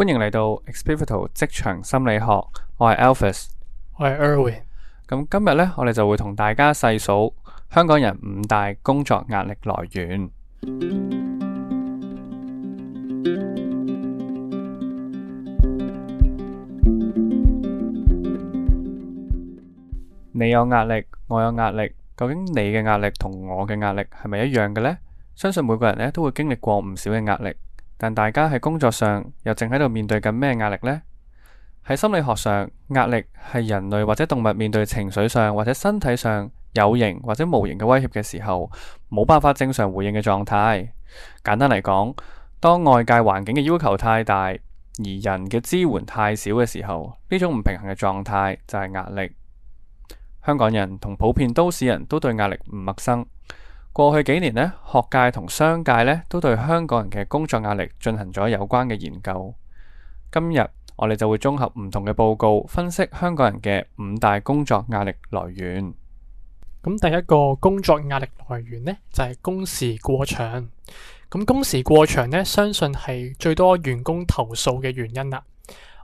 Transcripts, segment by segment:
歡迎嚟到 Experito 職場心理學，我係 Alfis，我係 Erwin。咁今日咧，我哋就會同大家細數香港人五大工作壓力來源。你有壓力，我有壓力，究竟你嘅壓力同我嘅壓力係咪一樣嘅咧？相信每個人咧都會經歷過唔少嘅壓力。但大家喺工作上又正喺度面對緊咩壓力呢？喺心理學上，壓力係人類或者動物面對情緒上或者身體上有形或者無形嘅威脅嘅時候，冇辦法正常回應嘅狀態。簡單嚟講，當外界環境嘅要求太大，而人嘅支援太少嘅時候，呢種唔平衡嘅狀態就係壓力。香港人同普遍都市人都對壓力唔陌生。過去幾年呢，學界同商界呢都對香港人嘅工作壓力進行咗有關嘅研究。今日我哋就會綜合唔同嘅報告，分析香港人嘅五大工作壓力來源。咁第一個工作壓力來源呢，就係工時過長。咁工時過長呢，相信係最多員工投訴嘅原因啦。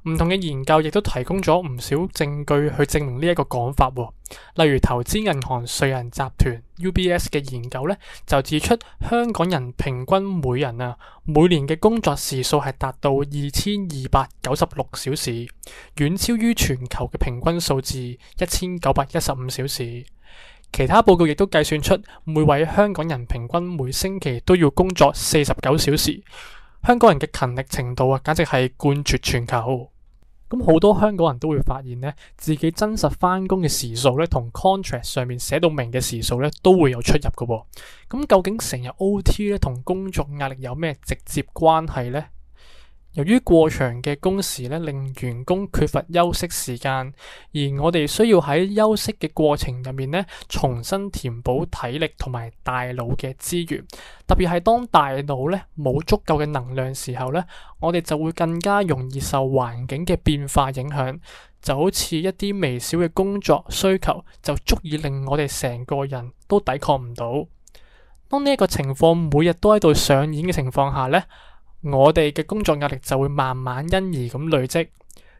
唔同嘅研究亦都提供咗唔少證據去證明呢一個講法喎、哦。例如，投資銀行瑞銀集團 （UBS） 嘅研究呢，就指出香港人平均每人啊每年嘅工作時數係達到二千二百九十六小時，遠超於全球嘅平均數字一千九百一十五小時。其他報告亦都計算出每位香港人平均每星期都要工作四十九小時。香港人嘅勤力程度啊，簡直係冠絕全球。咁好多香港人都會發現咧，自己真實翻工嘅時數咧，同 contract 上面寫到明嘅時數咧，都會有出入㗎喎、哦。咁究竟成日 OT 咧，同工作壓力有咩直接關係咧？由於過長嘅工時咧，令員工缺乏休息時間，而我哋需要喺休息嘅過程入面咧，重新填補體力同埋大腦嘅資源。特別係當大腦咧，冇足夠嘅能量時候咧，我哋就會更加容易受環境嘅變化影響。就好似一啲微小嘅工作需求，就足以令我哋成個人都抵抗唔到。當呢一個情況每日都喺度上演嘅情況下咧，我哋嘅工作壓力就會慢慢因而咁累積。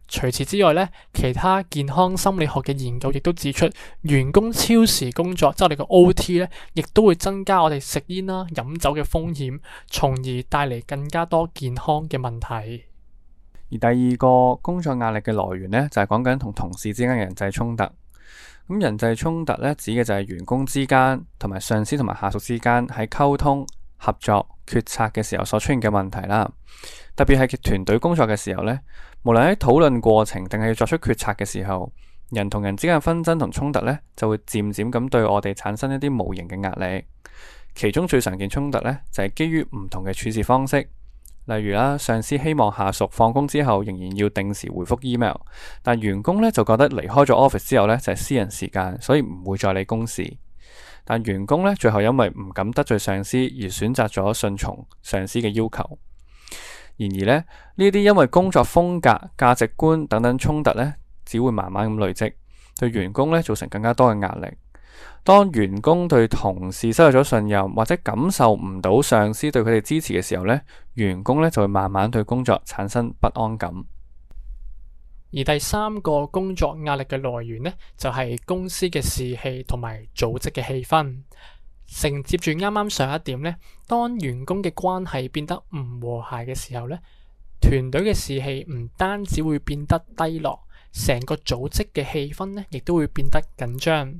除此之外咧，其他健康心理學嘅研究亦都指出，員工超時工作即係我哋嘅 OT 咧，亦都會增加我哋食煙啦、飲酒嘅風險，從而帶嚟更加多健康嘅問題。而第二個工作壓力嘅來源咧，就係講緊同同事之間嘅人際衝突。咁人際衝突咧，指嘅就係員工之間，同埋上司同埋下屬之間喺溝通、合作決策嘅時候所出現嘅問題啦，特別係團隊工作嘅時候呢，無論喺討論過程定係要作出決策嘅時候，人同人之間嘅紛爭同衝突呢，就會漸漸咁對我哋產生一啲無形嘅壓力。其中最常見衝突呢，就係基於唔同嘅處事方式，例如啦，上司希望下屬放工之後仍然要定時回覆 email，但員工呢，就覺得離開咗 office 之後呢，就係私人時間，所以唔會再理公事。但員工咧，最後因為唔敢得罪上司，而選擇咗順從上司嘅要求。然而呢，呢啲因為工作風格、價值觀等等衝突咧，只會慢慢咁累積，對員工咧造成更加多嘅壓力。當員工對同事失去咗信任，或者感受唔到上司對佢哋支持嘅時候咧，員工咧就會慢慢對工作產生不安感。而第三個工作壓力嘅來源呢，就係公司嘅士氣同埋組織嘅氣氛。承接住啱啱上一點呢，當員工嘅關係變得唔和諧嘅時候呢，團隊嘅士氣唔單止會變得低落，成個組織嘅氣氛呢亦都會變得緊張。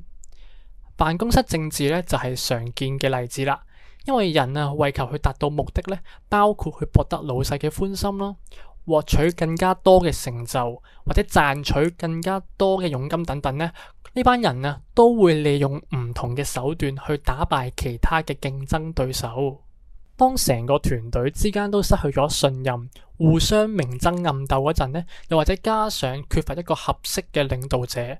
辦公室政治呢，就係常見嘅例子啦，因為人啊為求去達到目的呢，包括去博得老細嘅歡心啦。獲取更加多嘅成就，或者賺取更加多嘅佣金等等咧，呢班人啊都會利用唔同嘅手段去打敗其他嘅競爭對手。當成個團隊之間都失去咗信任，互相明爭暗鬥嗰陣呢，又或者加上缺乏一個合適嘅領導者，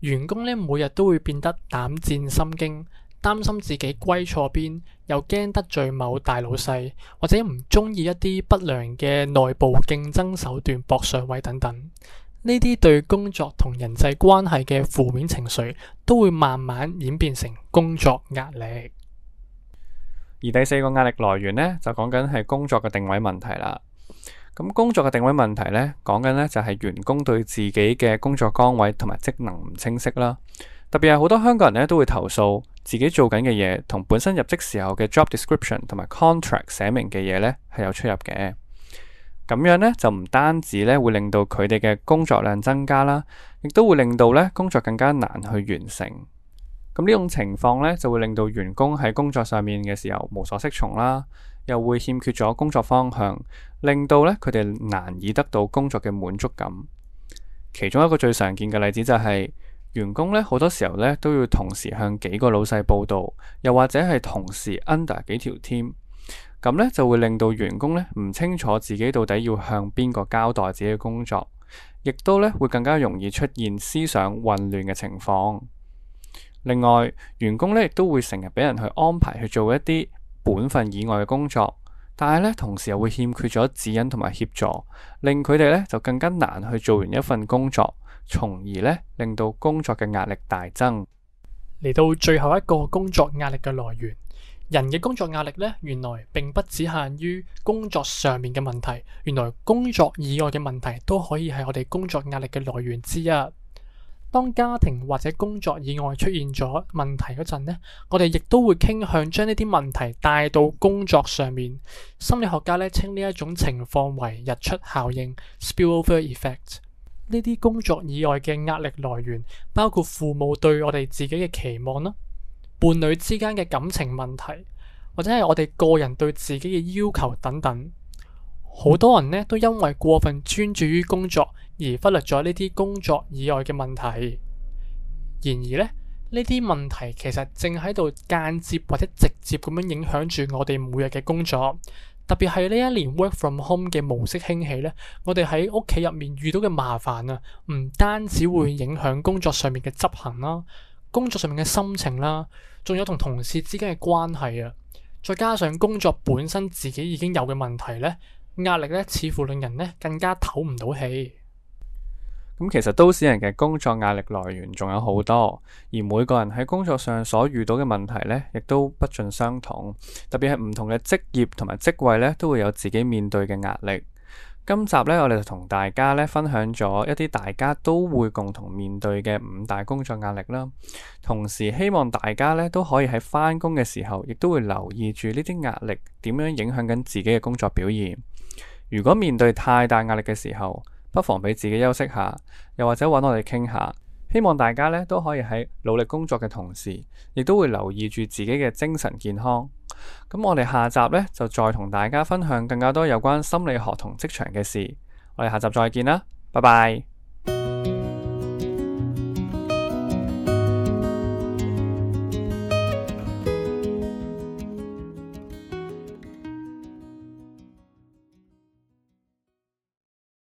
員工咧每日都會變得膽戰心驚。擔心自己歸錯邊，又驚得罪某大老細，或者唔中意一啲不良嘅內部競爭手段搏上位等等，呢啲對工作同人際關係嘅負面情緒，都會慢慢演變成工作壓力。而第四個壓力來源呢，就講緊係工作嘅定位問題啦。咁工作嘅定位問題呢，講緊呢就係員工對自己嘅工作崗位同埋職能唔清晰啦。特別係好多香港人呢都會投訴。自己做緊嘅嘢同本身入職時候嘅 job description 同埋 contract 寫明嘅嘢呢係有出入嘅，咁樣呢就唔單止呢會令到佢哋嘅工作量增加啦，亦都會令到呢工作更加難去完成。咁呢種情況呢就會令到員工喺工作上面嘅時候無所適從啦，又會欠缺咗工作方向，令到呢佢哋難以得到工作嘅滿足感。其中一個最常見嘅例子就係，員工咧好多時候咧都要同時向幾個老細報道，又或者係同時 under 幾條 team，咁咧就會令到員工咧唔清楚自己到底要向邊個交代自己嘅工作，亦都咧會更加容易出現思想混亂嘅情況。另外，員工咧亦都會成日俾人去安排去做一啲本份以外嘅工作，但係咧同時又會欠缺咗指引同埋協助，令佢哋咧就更加難去做完一份工作。從而咧令到工作嘅壓力大增。嚟到最後一個工作壓力嘅來源，人嘅工作壓力咧，原來並不只限於工作上面嘅問題，原來工作以外嘅問題都可以係我哋工作壓力嘅來源之一。當家庭或者工作以外出現咗問題嗰陣呢，我哋亦都會傾向將呢啲問題帶到工作上面。心理學家咧稱呢一種情況為日出效應 （spillover effect）。呢啲工作以外嘅壓力來源，包括父母對我哋自己嘅期望啦，伴侶之間嘅感情問題，或者係我哋個人對自己嘅要求等等。好多人呢都因為過分專注於工作而忽略咗呢啲工作以外嘅問題。然而呢，呢啲問題其實正喺度間接或者直接咁樣影響住我哋每日嘅工作。特別係呢一年 work from home 嘅模式興起咧，我哋喺屋企入面遇到嘅麻煩啊，唔單止會影響工作上面嘅執行啦、啊，工作上面嘅心情啦、啊，仲有同同事之間嘅關係啊，再加上工作本身自己已經有嘅問題咧，壓力咧似乎令人咧更加唞唔到氣。咁其實都市人嘅工作壓力來源仲有好多，而每個人喺工作上所遇到嘅問題呢，亦都不盡相同。特別係唔同嘅職業同埋職位呢，都會有自己面對嘅壓力。今集呢，我哋就同大家呢分享咗一啲大家都會共同面對嘅五大工作壓力啦。同時，希望大家呢，都可以喺返工嘅時候，亦都會留意住呢啲壓力點樣影響緊自己嘅工作表現。如果面對太大壓力嘅時候，不妨俾自己休息下，又或者揾我哋傾下。希望大家呢都可以喺努力工作嘅同時，亦都會留意住自己嘅精神健康。咁我哋下集呢，就再同大家分享更加多有關心理學同職場嘅事。我哋下集再見啦，拜拜。